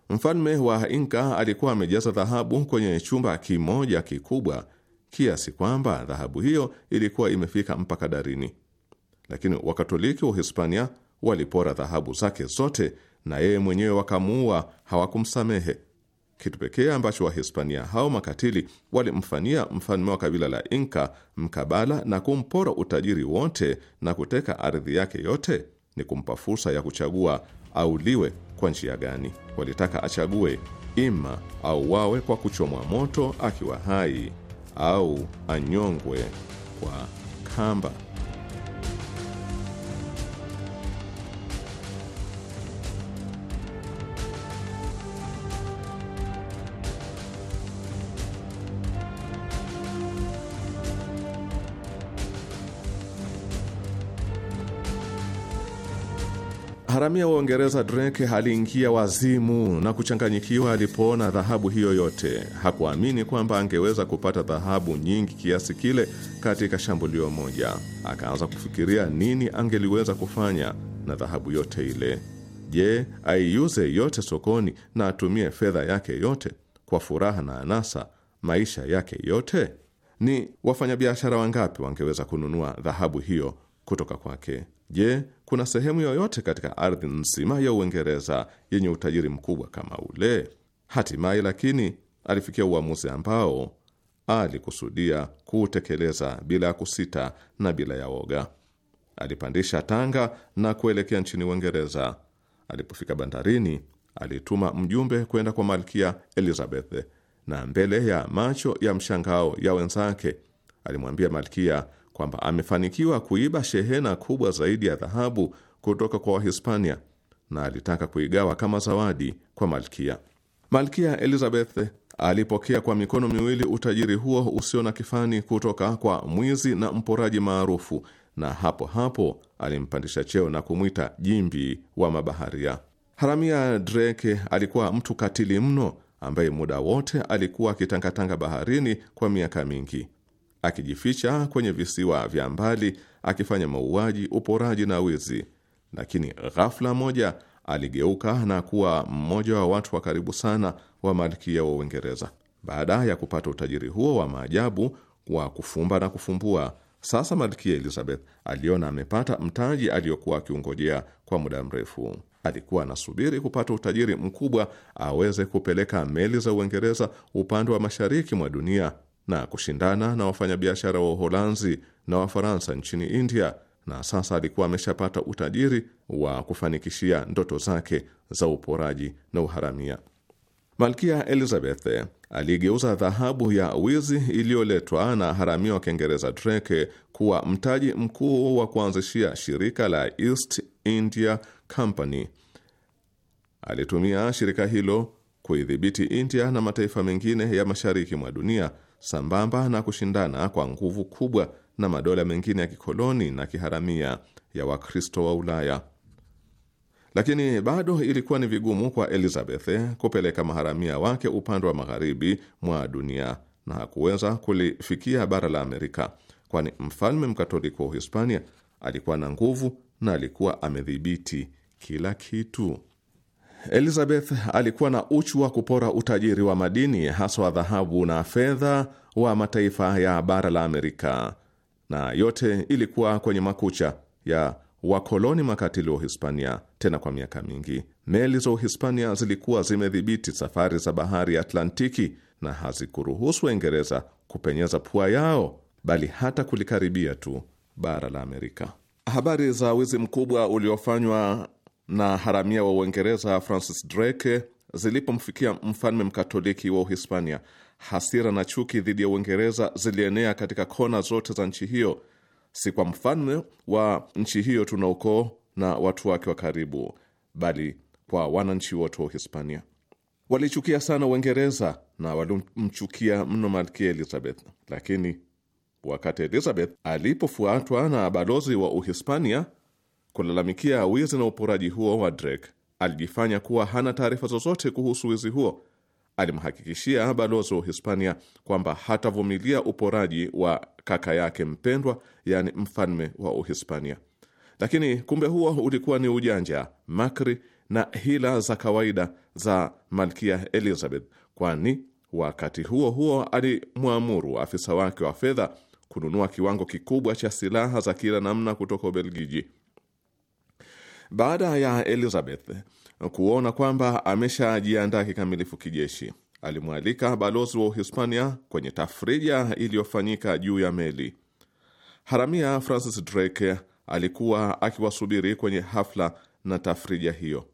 Mfalme wa Inka alikuwa amejaza dhahabu kwenye chumba kimoja kikubwa kiasi kwamba dhahabu hiyo ilikuwa imefika mpaka darini, lakini Wakatoliki wa Uhispania walipora dhahabu zake zote na yeye mwenyewe wakamuua, hawakumsamehe. Kitu pekee ambacho Wahispania hao makatili walimfanyia mfalme wa kabila la Inka mkabala na kumpora utajiri wote na kuteka ardhi yake yote ni kumpa fursa ya kuchagua auliwe kwa njia gani. Walitaka achague ima au wawe kwa kuchomwa moto akiwa hai au anyongwe kwa kamba. Haramia wa Uingereza Drake aliingia wazimu na kuchanganyikiwa alipoona dhahabu hiyo yote. Hakuamini kwamba angeweza kupata dhahabu nyingi kiasi kile katika shambulio moja. Akaanza kufikiria nini angeliweza kufanya na dhahabu yote ile. Je, aiuze yote sokoni na atumie fedha yake yote kwa furaha na anasa maisha yake yote? Ni wafanyabiashara wangapi wangeweza kununua dhahabu hiyo kutoka kwake? Je, kuna sehemu yoyote katika ardhi nzima ya Uingereza yenye utajiri mkubwa kama ule? Hatimaye lakini alifikia uamuzi ambao alikusudia kuutekeleza bila ya kusita na bila ya woga. Alipandisha tanga na kuelekea nchini Uingereza. Alipofika bandarini, alituma mjumbe kwenda kwa Malkia Elizabeth, na mbele ya macho ya mshangao ya wenzake alimwambia Malkia kwamba amefanikiwa kuiba shehena kubwa zaidi ya dhahabu kutoka kwa Wahispania na alitaka kuigawa kama zawadi kwa malkia. Malkia Elizabeth alipokea kwa mikono miwili utajiri huo usio na kifani kutoka kwa mwizi na mporaji maarufu, na hapo hapo alimpandisha cheo na kumwita jimbi wa mabaharia. Haramia Drake alikuwa mtu katili mno ambaye muda wote alikuwa akitangatanga baharini kwa miaka mingi akijificha kwenye visiwa vya mbali akifanya mauaji, uporaji na wizi, lakini ghafla moja aligeuka na kuwa mmoja wa watu wa karibu sana wa malkia wa Uingereza. Baada ya kupata utajiri huo wa maajabu wa kufumba na kufumbua, sasa malkia Elizabeth aliona amepata mtaji aliyokuwa akiungojea kwa muda mrefu. Alikuwa anasubiri kupata utajiri mkubwa aweze kupeleka meli za Uingereza upande wa mashariki mwa dunia na kushindana na wafanyabiashara wa Uholanzi na Wafaransa nchini India, na sasa alikuwa ameshapata utajiri wa kufanikishia ndoto zake za uporaji na uharamia. Malkia Elizabeth aligeuza dhahabu ya wizi iliyoletwa na haramia wa Kiingereza Drake kuwa mtaji mkuu wa kuanzishia shirika la East India Company. Alitumia shirika hilo kuidhibiti India na mataifa mengine ya mashariki mwa dunia sambamba na kushindana kwa nguvu kubwa na madola mengine ya kikoloni na kiharamia ya Wakristo wa Ulaya. Lakini bado ilikuwa ni vigumu kwa Elizabeth eh, kupeleka maharamia wake upande wa magharibi mwa dunia na hakuweza kulifikia bara la Amerika, kwani mfalme mkatoliki wa Uhispania alikuwa na nguvu na alikuwa amedhibiti kila kitu. Elizabeth alikuwa na uchu wa kupora utajiri wa madini haswa dhahabu na fedha wa mataifa ya bara la Amerika, na yote ilikuwa kwenye makucha ya wakoloni makatili wa Uhispania. Tena kwa miaka mingi, meli za Uhispania zilikuwa zimedhibiti safari za bahari ya Atlantiki na hazikuruhusu Waingereza kupenyeza pua yao, bali hata kulikaribia tu bara la Amerika. Habari za wizi mkubwa uliofanywa na haramia wa Uingereza Francis Drake zilipomfikia mfalme mkatoliki wa Uhispania, hasira na chuki dhidi ya Uingereza zilienea katika kona zote za nchi hiyo. Si kwa mfalme wa nchi hiyo tuna ukoo na watu wake wa karibu, bali kwa wananchi wote wa Uhispania. Walichukia sana Uingereza na walimchukia mno malkia Elizabeth, lakini wakati Elizabeth alipofuatwa na balozi wa Uhispania kulalamikia wizi na uporaji huo wa Drake, alijifanya kuwa hana taarifa zozote kuhusu wizi huo. Alimhakikishia balozi wa Uhispania kwamba hatavumilia uporaji wa kaka yake mpendwa, yaani mfalme wa Uhispania. Lakini kumbe huo ulikuwa ni ujanja, makri na hila za kawaida za malkia Elizabeth, kwani wakati huo huo alimwamuru afisa wake wa fedha kununua kiwango kikubwa cha silaha za kila namna kutoka Ubelgiji. Baada ya Elizabeth kuona kwamba ameshajiandaa kikamilifu kijeshi, alimwalika balozi wa Uhispania kwenye tafrija iliyofanyika juu ya meli. Haramia Francis Drake alikuwa akiwasubiri kwenye hafla na tafrija hiyo.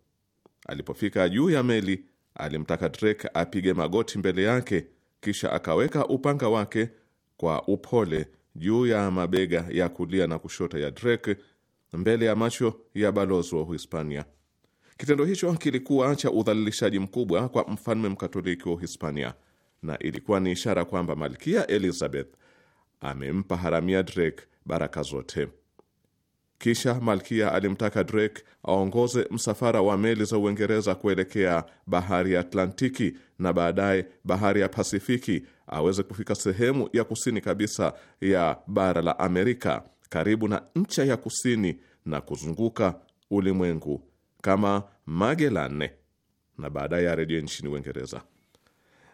Alipofika juu ya meli, alimtaka Drake apige magoti mbele yake, kisha akaweka upanga wake kwa upole juu ya mabega ya kulia na kushoto ya Drake mbele ya macho ya balozi wa Uhispania. Kitendo hicho kilikuwa cha udhalilishaji mkubwa kwa mfalme mkatoliki wa Uhispania na ilikuwa ni ishara kwamba malkia Elizabeth amempa haramia Drake baraka zote. Kisha malkia alimtaka Drake aongoze msafara wa meli za Uingereza kuelekea bahari ya Atlantiki na baadaye bahari ya Pasifiki aweze kufika sehemu ya kusini kabisa ya bara la Amerika karibu na ncha ya kusini na kuzunguka ulimwengu kama Magellan na baadaye ya redio nchini Uingereza.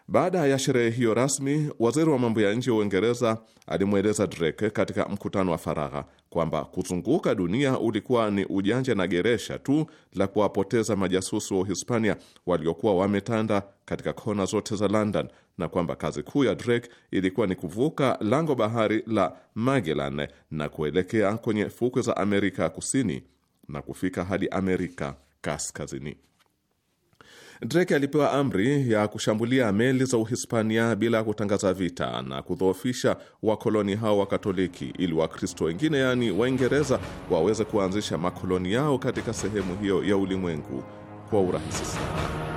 Baada ya sherehe hiyo rasmi, waziri wa mambo ya nje wa Uingereza alimweleza Drake katika mkutano wa faragha kwamba kuzunguka dunia ulikuwa ni ujanja na geresha tu la kuwapoteza majasusi wa Uhispania waliokuwa wametanda katika kona zote za London na kwamba kazi kuu ya Drake ilikuwa ni kuvuka lango bahari la Magellan na kuelekea kwenye fukwe za Amerika ya Kusini na kufika hadi Amerika Kaskazini. Drake alipewa amri ya kushambulia meli za Uhispania bila kutangaza vita na kudhoofisha wakoloni hao wa Katoliki ili Wakristo wengine yaani Waingereza waweze kuanzisha makoloni yao katika sehemu hiyo ya ulimwengu kwa urahisi sana.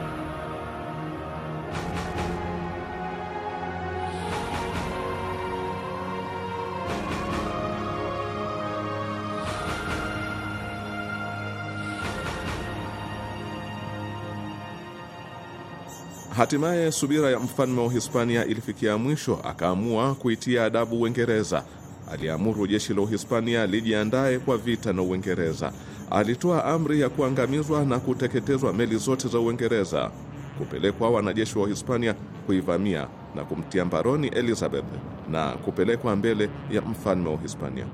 Hatimaye subira ya mfalme wa Uhispania ilifikia mwisho, akaamua kuitia adabu Uingereza. Aliamuru jeshi la Uhispania lijiandae kwa vita na Uingereza. Alitoa amri ya kuangamizwa na kuteketezwa meli zote za Uingereza, kupelekwa wanajeshi wa Uhispania kuivamia na kumtia mbaroni Elizabeth na kupelekwa mbele ya mfalme wa Uhispania.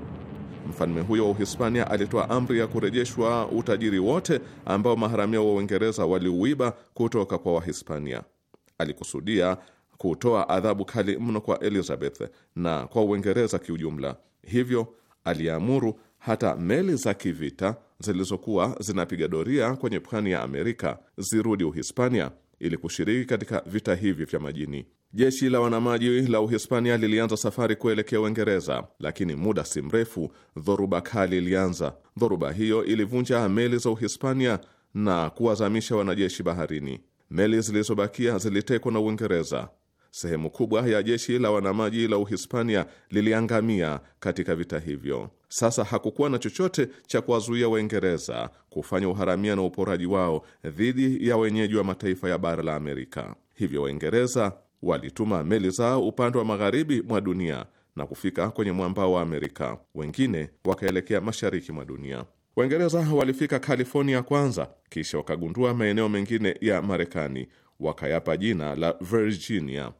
Mfalme huyo wa Uhispania alitoa amri ya kurejeshwa utajiri wote ambao maharamia wa Uingereza waliuiba kutoka kwa Wahispania. Alikusudia kutoa adhabu kali mno kwa Elizabeth na kwa Uingereza kiujumla. Hivyo aliamuru hata meli za kivita zilizokuwa zinapiga doria kwenye pwani ya Amerika zirudi Uhispania ili kushiriki katika vita hivi vya majini. Jeshi la wanamaji la Uhispania lilianza safari kuelekea Uingereza, lakini muda si mrefu dhoruba kali ilianza. Dhoruba hiyo ilivunja meli za Uhispania na kuwazamisha wanajeshi baharini. Meli zilizobakia zilitekwa na Uingereza. Sehemu kubwa ya jeshi la wanamaji la Uhispania liliangamia katika vita hivyo. Sasa hakukuwa na chochote cha kuwazuia Waingereza kufanya uharamia na uporaji wao dhidi ya wenyeji wa mataifa ya bara la Amerika. Hivyo Waingereza walituma meli zao upande wa magharibi mwa dunia na kufika kwenye mwambao wa Amerika, wengine wakaelekea mashariki mwa dunia. Waingereza walifika California kwanza, kisha wakagundua maeneo mengine ya Marekani wakayapa jina la Virginia.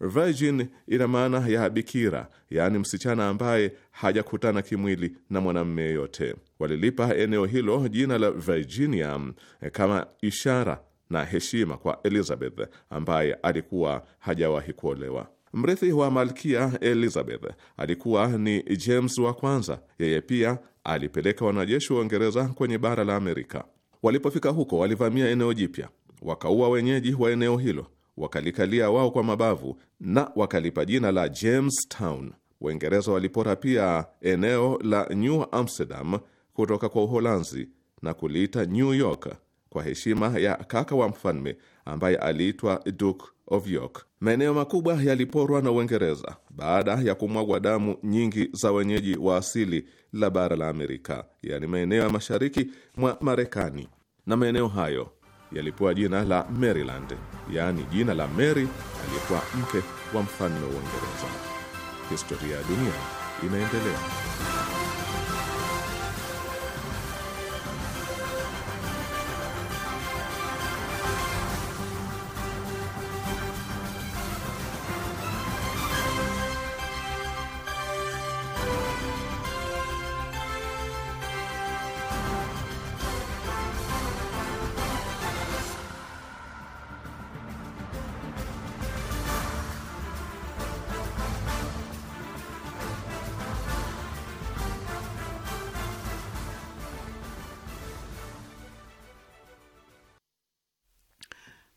Virgin ina maana ya bikira, yaani msichana ambaye hajakutana kimwili na mwanamume yeyote. Walilipa eneo hilo jina la Virginia eh, kama ishara na heshima kwa Elizabeth ambaye alikuwa hajawahi kuolewa. Mrithi wa malkia Elizabeth alikuwa ni James wa kwanza. Yeye pia alipeleka wanajeshi wa Uingereza kwenye bara la Amerika. Walipofika huko, walivamia eneo jipya, wakaua wenyeji wa eneo hilo, wakalikalia wao kwa mabavu na wakalipa jina la Jamestown. Waingereza walipora pia eneo la New Amsterdam kutoka kwa Uholanzi na kuliita New York kwa heshima ya kaka wa mfalme ambaye aliitwa Duke of York. Maeneo makubwa yaliporwa na Uingereza baada ya kumwagwa damu nyingi za wenyeji wa asili la bara la Amerika, yaani maeneo ya mashariki mwa Marekani, na maeneo hayo yalipewa jina la Maryland, yaani jina la Mary aliyekuwa mke wa mfalme wa Uingereza. Historia ya dunia inaendelea.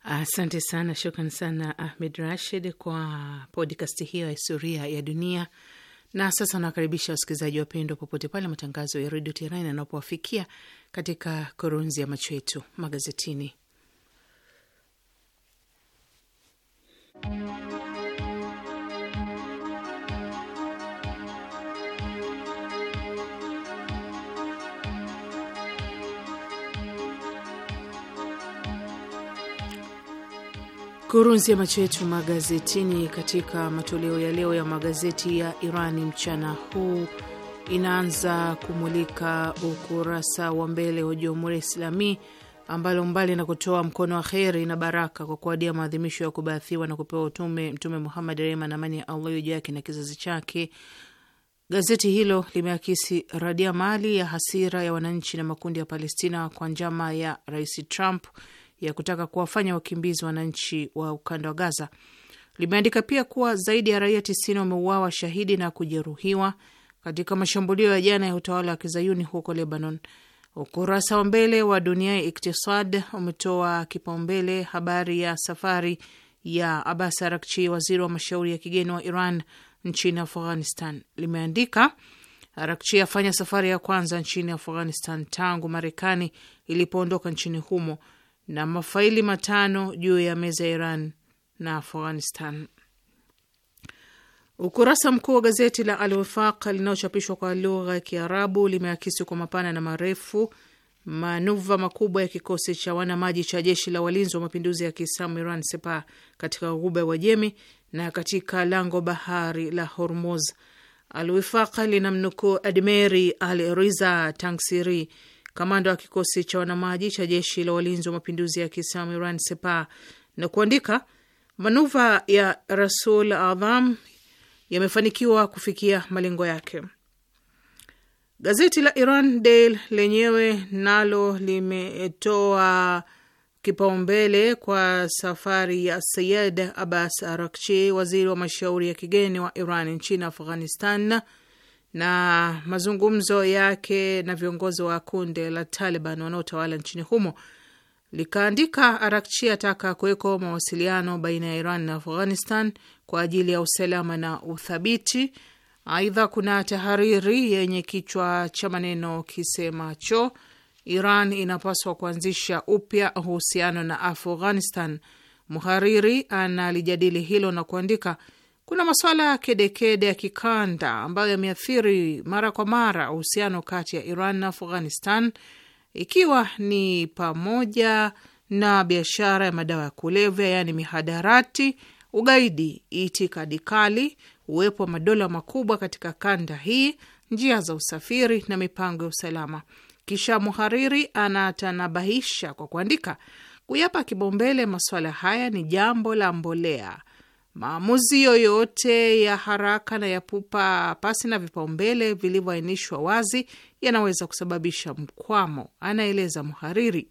Asante sana, shukran sana Ahmed Rashid kwa podcast hiyo ya historia ya dunia. Na sasa nawakaribisha wasikilizaji wapendwa, popote pale matangazo ya redio Teherani yanapowafikia katika kurunzi ya macho yetu magazetini. Kurunzi ya macho yetu magazetini katika matoleo ya leo ya magazeti ya Irani mchana huu inaanza kumulika ukurasa wa mbele wa Jamhuri ya Islami ambalo mbali na kutoa mkono wa kheri na baraka kwa kuadia maadhimisho ya kubaathiwa na kupewa utume Mtume Muhammad, rehma na amani ya Allah juu yake na kizazi chake, gazeti hilo limeakisi radia mali ya hasira ya wananchi na makundi ya Palestina kwa njama ya Rais Trump ya kutaka kuwafanya wakimbizi wananchi wa ukanda wa Gaza. Limeandika pia kuwa zaidi ya raia 90 wameuawa shahidi na kujeruhiwa katika mashambulio ya jana ya utawala wa kizayuni huko Lebanon. Ukurasa wa mbele wa Dunia ya Iktisad umetoa kipaumbele habari ya safari ya Abbas Arakchi, waziri wa mashauri ya kigeni wa Iran nchini Afghanistan. Limeandika Arakchi afanya safari ya kwanza nchini Afghanistan tangu Marekani ilipoondoka nchini humo na mafaili matano juu ya meza ya Iran na Afghanistan. Ukurasa mkuu wa gazeti la Al Wifaq linalochapishwa kwa lugha ya Kiarabu limeakisi kwa mapana na marefu manuva makubwa ya kikosi cha wanamaji cha jeshi la walinzi wa mapinduzi ya Kiislamu Iran sepa katika ghuba ya Uajemi na katika lango bahari la Hormuz. Al Wifaq linamnukuu Admeri Al Riza Tangsiri kamanda wa kikosi cha wanamaji cha jeshi la walinzi wa mapinduzi ya Kiislamu Iran Sepa na kuandika manuva ya Rasul Adham yamefanikiwa kufikia malengo yake. Gazeti la Iran Daily lenyewe nalo limetoa kipaumbele kwa safari ya Sayid Abbas Arakchi, waziri wa mashauri ya kigeni wa Iran nchini Afghanistan na mazungumzo yake na viongozi wa kundi la Taliban wanaotawala nchini humo, likaandika Arakchi ataka kuweko mawasiliano baina ya Iran na Afghanistan kwa ajili ya usalama na uthabiti. Aidha, kuna tahariri yenye kichwa cha maneno kisemacho Iran inapaswa kuanzisha upya uhusiano na Afghanistan. Mhariri analijadili hilo na kuandika kuna masuala kedekede ya kikanda ambayo yameathiri mara kwa mara uhusiano kati ya Iran na Afghanistan, ikiwa ni pamoja na biashara ya madawa ya kulevya, yaani mihadarati, ugaidi, itikadi kali, uwepo wa madola makubwa katika kanda hii, njia za usafiri na mipango ya usalama. Kisha muhariri anatanabahisha kwa kuandika, kuyapa kipaumbele masuala haya ni jambo la mbolea Maamuzi yoyote ya haraka na ya pupa pasi na vipaumbele vilivyoainishwa wazi yanaweza kusababisha mkwamo, anaeleza mhariri.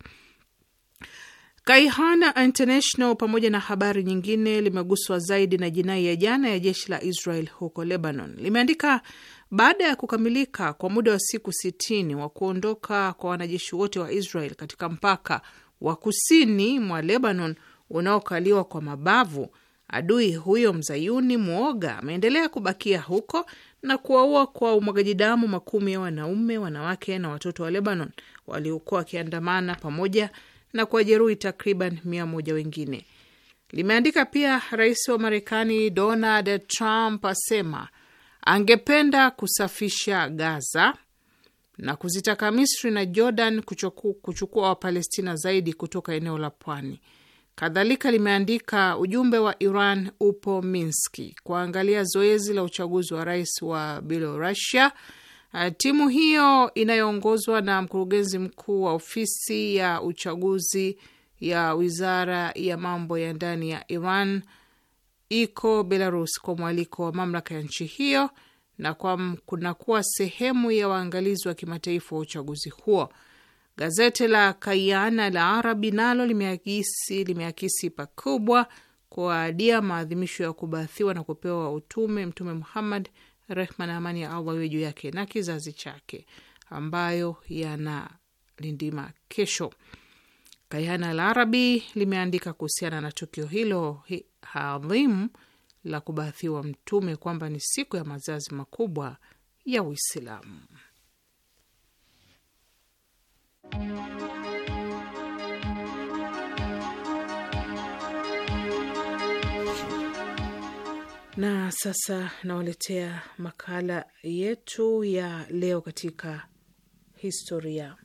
Kaihana International pamoja na habari nyingine limeguswa zaidi na jinai ya jana ya jeshi la Israel huko Lebanon. Limeandika, baada ya kukamilika kwa muda wa siku sitini wa kuondoka kwa wanajeshi wote wa Israel katika mpaka wa kusini mwa Lebanon unaokaliwa kwa mabavu Adui huyo mzayuni mwoga ameendelea kubakia huko na kuwaua kwa umwagaji damu makumi ya wanaume, wanawake na watoto wa Lebanon waliokuwa wakiandamana pamoja na kuwajeruhi takriban mia moja wengine. Limeandika pia, rais wa Marekani Donald Trump asema angependa kusafisha Gaza na kuzitaka Misri na Jordan kuchukua Wapalestina zaidi kutoka eneo la pwani. Kadhalika limeandika ujumbe wa Iran upo Minski kuangalia zoezi la uchaguzi wa rais wa Belorusia. Uh, timu hiyo inayoongozwa na mkurugenzi mkuu wa ofisi ya uchaguzi ya wizara ya mambo ya ndani ya Iran iko Belarus kwa mwaliko wa mamlaka ya nchi hiyo na kwa kunakuwa sehemu ya waangalizi wa kimataifa wa uchaguzi huo. Gazeti la Kayana la Arabi nalo limeakisi limeakisi pakubwa kuwaadia maadhimisho ya kubathiwa na kupewa utume Mtume Muhammad, rehma na amani ya Allah iwe juu yake na kizazi chake, ambayo yanalindima kesho. Kayana la Arabi limeandika kuhusiana na tukio hilo hadhimu la kubathiwa Mtume kwamba ni siku ya mazazi makubwa ya Uislamu. Na sasa nawaletea makala yetu ya leo katika historia.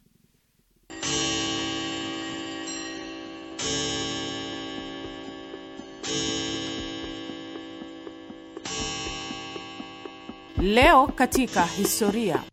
Leo katika historia.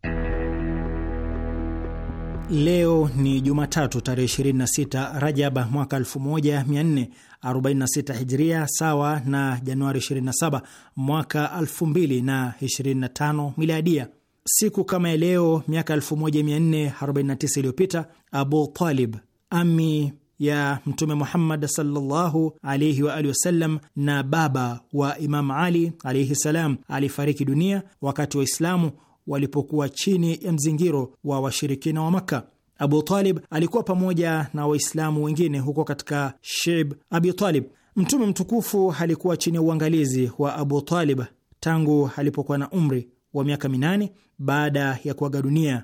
Leo ni Jumatatu tarehe 26 Rajaba mwaka 1446 Hijria, sawa na Januari 27 mwaka 2025 Miladia. Siku kama ya leo miaka 1449 iliyopita, Abu Talib ami ya Mtume Muhammad sallallahu alaihi wa alihi wasallam na baba wa Imam Ali alaihi salam alifariki dunia wakati Waislamu walipokuwa chini ya mzingiro wa washirikina wa Makka. Abu Talib alikuwa pamoja na Waislamu wengine huko katika Shib Abi Talib. Mtume mtukufu alikuwa chini ya uangalizi wa Abu Talib tangu alipokuwa na umri wa miaka minane baada ya kuaga dunia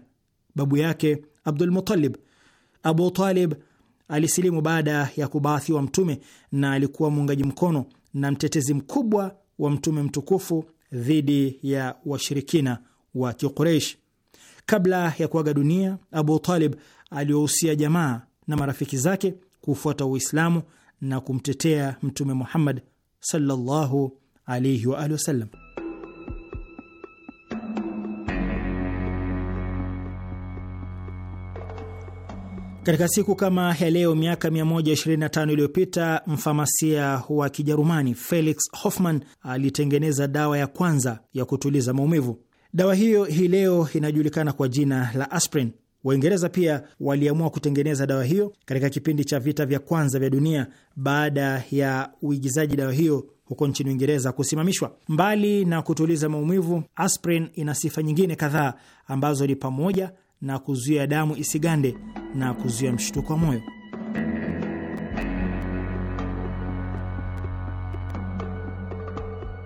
babu yake Abdul Muttalib. Abu Talib alisilimu baada ya kubaathiwa Mtume na alikuwa muungaji mkono na mtetezi mkubwa wa Mtume mtukufu dhidi ya washirikina wa Kiqureish. Kabla ya kuaga dunia, Abu Talib aliwahusia jamaa na marafiki zake kufuata Uislamu na kumtetea Mtume Muhammad sallallahu alaihi wa alihi wasallam. Katika siku kama ya leo miaka 125 iliyopita mfamasia wa Kijerumani Felix Hoffman alitengeneza dawa ya kwanza ya kutuliza maumivu. Dawa hiyo hii leo inajulikana kwa jina la aspirin. Waingereza pia waliamua kutengeneza dawa hiyo katika kipindi cha vita vya kwanza vya dunia baada ya uigizaji dawa hiyo huko nchini Uingereza kusimamishwa. Mbali na kutuliza maumivu, aspirin ina sifa nyingine kadhaa ambazo ni pamoja na kuzuia damu isigande na kuzuia mshtuko wa moyo.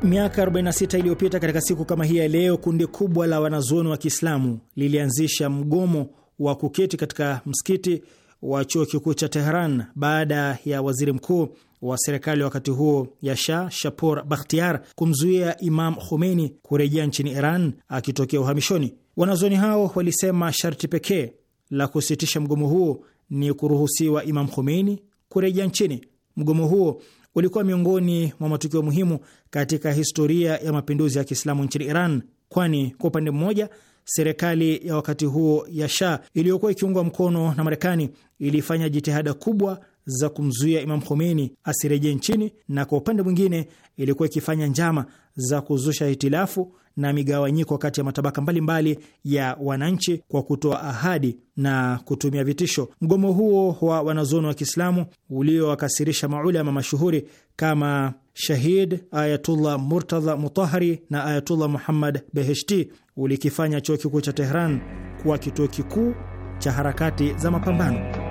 Miaka 46 iliyopita katika siku kama hii ya leo, kundi kubwa la wanazuoni wa Kiislamu lilianzisha mgomo wa kuketi katika msikiti wa chuo kikuu cha Tehran baada ya waziri mkuu wa serikali wakati huo ya Shah Shapor Bakhtiar kumzuia Imam Khomeini kurejea nchini Iran akitokea uhamishoni. Wanazuoni hao walisema sharti pekee la kusitisha mgomo huo ni kuruhusiwa Imam Khomeini kurejea nchini. Mgomo huo ulikuwa miongoni mwa matukio muhimu katika historia ya mapinduzi ya Kiislamu nchini Iran, kwani kwa upande mmoja serikali ya wakati huo ya Shah iliyokuwa ikiungwa mkono na Marekani ilifanya jitihada kubwa za kumzuia Imam Khomeini asirejee nchini, na kwa upande mwingine ilikuwa ikifanya njama za kuzusha hitilafu na migawanyiko kati ya matabaka mbalimbali mbali ya wananchi kwa kutoa ahadi na kutumia vitisho. Mgomo huo wa wanazuoni wa Kiislamu uliowakasirisha maulama mashuhuri kama Shahid Ayatullah Murtadha Mutahari na Ayatullah Muhammad Beheshti ulikifanya chuo kikuu cha Tehran kuwa kituo kikuu cha harakati za mapambano.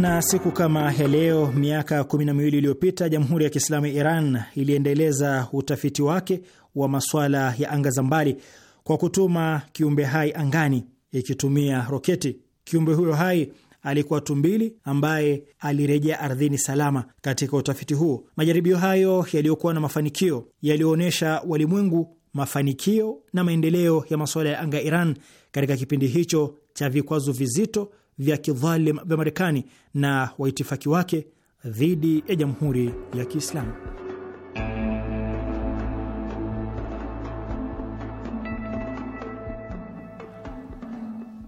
Na siku kama ya leo miaka kumi na miwili iliyopita Jamhuri ya Kiislamu ya Iran iliendeleza utafiti wake wa maswala ya anga za mbali kwa kutuma kiumbe hai angani ikitumia roketi. Kiumbe huyo hai alikuwa tumbili ambaye alirejea ardhini salama katika utafiti huo. Majaribio hayo yaliyokuwa na mafanikio yaliyoonyesha walimwengu mafanikio na maendeleo ya masuala ya anga ya Iran katika kipindi hicho cha vikwazo vizito vya kidhalim vya Marekani na waitifaki wake dhidi ya Jamhuri ya Kiislamu.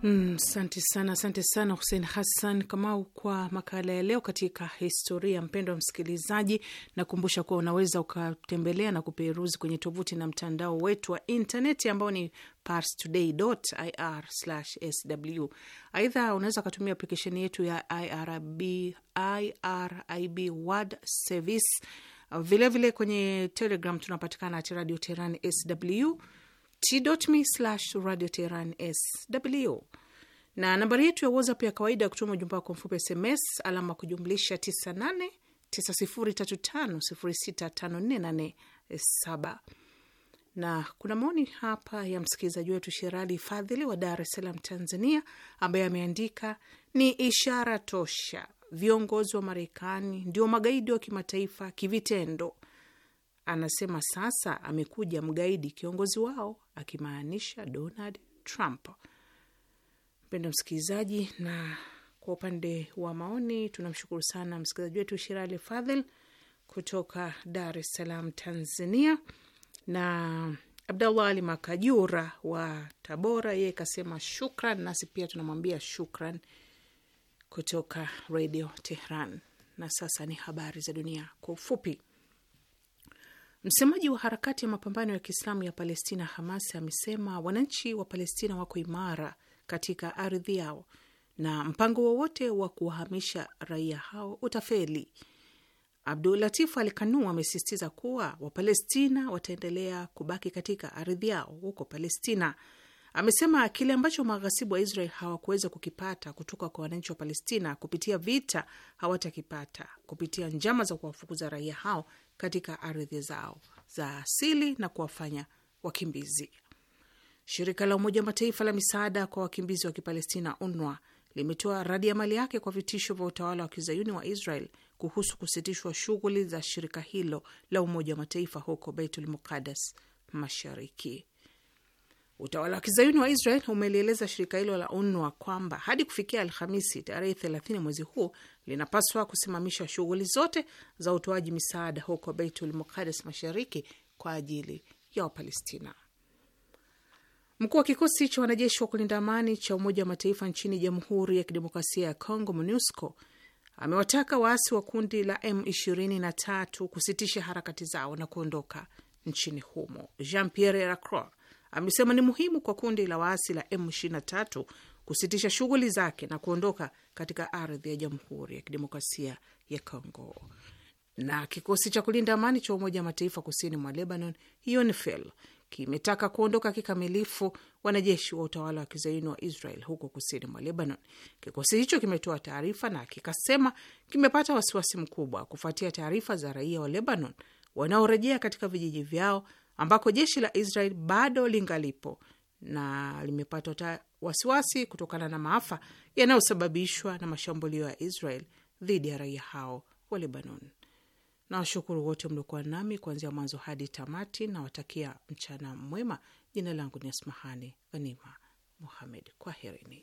Mm, asante mm, sana asante sana Hussein Hassan Kamau kwa makala ya leo katika historia. wa msikilizaji, nakumbusha kuwa unaweza ukatembelea na kuperuzi kwenye tovuti na mtandao wetu wa intaneti ambao ni parstoday.ir/sw. Aidha, unaweza ukatumia aplikesheni yetu ya IRIB, IRIB Service. Vilevile vile kwenye Telegram tunapatikana at Radio Teran sw t.me slash radio sw na nambari yetu ya WhatsApp ya kawaida ya kutuma ujumbe wako mfupi SMS alama kujumlisha 98 na kuna maoni hapa ya msikilizaji wetu Sherali Fadhili wa Dar es Salaam, Tanzania, ambaye ameandika ni ishara tosha viongozi wa Marekani ndio magaidi wa kimataifa kivitendo, anasema sasa amekuja mgaidi kiongozi wao, akimaanisha Donald Trump. Mpendo msikilizaji, na kwa upande wa maoni tunamshukuru sana msikilizaji wetu Shirali Fadhil kutoka Dar es Salaam, Tanzania, na Abdallah Ali Makajura wa Tabora, yeye kasema shukran, nasi pia tunamwambia shukran kutoka Redio Tehran. Na sasa ni habari za dunia kwa ufupi. Msemaji wa harakati ya mapambano ya Kiislamu ya Palestina, Hamas, amesema wananchi wa Palestina wako imara katika ardhi yao na mpango wowote wa kuwahamisha raia hao utafeli. Abdul Latif Al Kanu amesisitiza kuwa Wapalestina wataendelea kubaki katika ardhi yao huko Palestina. Amesema kile ambacho maghasibu wa Israel hawakuweza kukipata kutoka kwa wananchi wa Palestina kupitia vita hawatakipata kupitia njama za kuwafukuza raia hao katika ardhi zao za asili na kuwafanya wakimbizi. Shirika la Umoja wa Mataifa la misaada kwa wakimbizi wa Kipalestina, UNWA, limetoa radi ya mali yake kwa vitisho vya utawala wa kizayuni wa Israel kuhusu kusitishwa shughuli za shirika hilo la Umoja wa Mataifa huko Beitul muqadas Mashariki. Utawala wa kizayuni wa Israel umelieleza shirika hilo la UNWA kwamba hadi kufikia Alhamisi tarehe thelathini mwezi huu linapaswa kusimamisha shughuli zote za utoaji misaada huko Beitul mukades mashariki kwa ajili ya Wapalestina. Mkuu wa kikosi cha wanajeshi wa kulinda amani cha Umoja wa Mataifa nchini Jamhuri ya Kidemokrasia ya congo MONUSCO, amewataka waasi wa kundi la M23 kusitisha harakati zao na kuondoka nchini humo. Jean Pierre Lacroix amesema ni muhimu kwa kundi la waasi la M23 kusitisha shughuli zake na kuondoka katika ardhi ya Jamhuri ya Kidemokrasia ya Congo. Na kikosi cha kulinda amani cha Umoja wa Mataifa kusini mwa Lebanon, UNIFIL, kimetaka kuondoka kikamilifu wanajeshi wa utawala wa kizaini wa Israel huko kusini mwa Lebanon. Kikosi hicho kimetoa taarifa na kikasema kimepata wasiwasi mkubwa kufuatia taarifa za raia wa Lebanon wanaorejea katika vijiji vyao ambako jeshi la Israel bado lingalipo na limepata wasiwasi kutokana na maafa yanayosababishwa na mashambulio ya Israel dhidi ya raia hao wa Lebanon. Na washukuru wote mliokuwa nami kuanzia mwanzo hadi tamati, na watakia mchana mwema. Jina langu ni Asmahani Ghanima Muhamed. Kwaherini.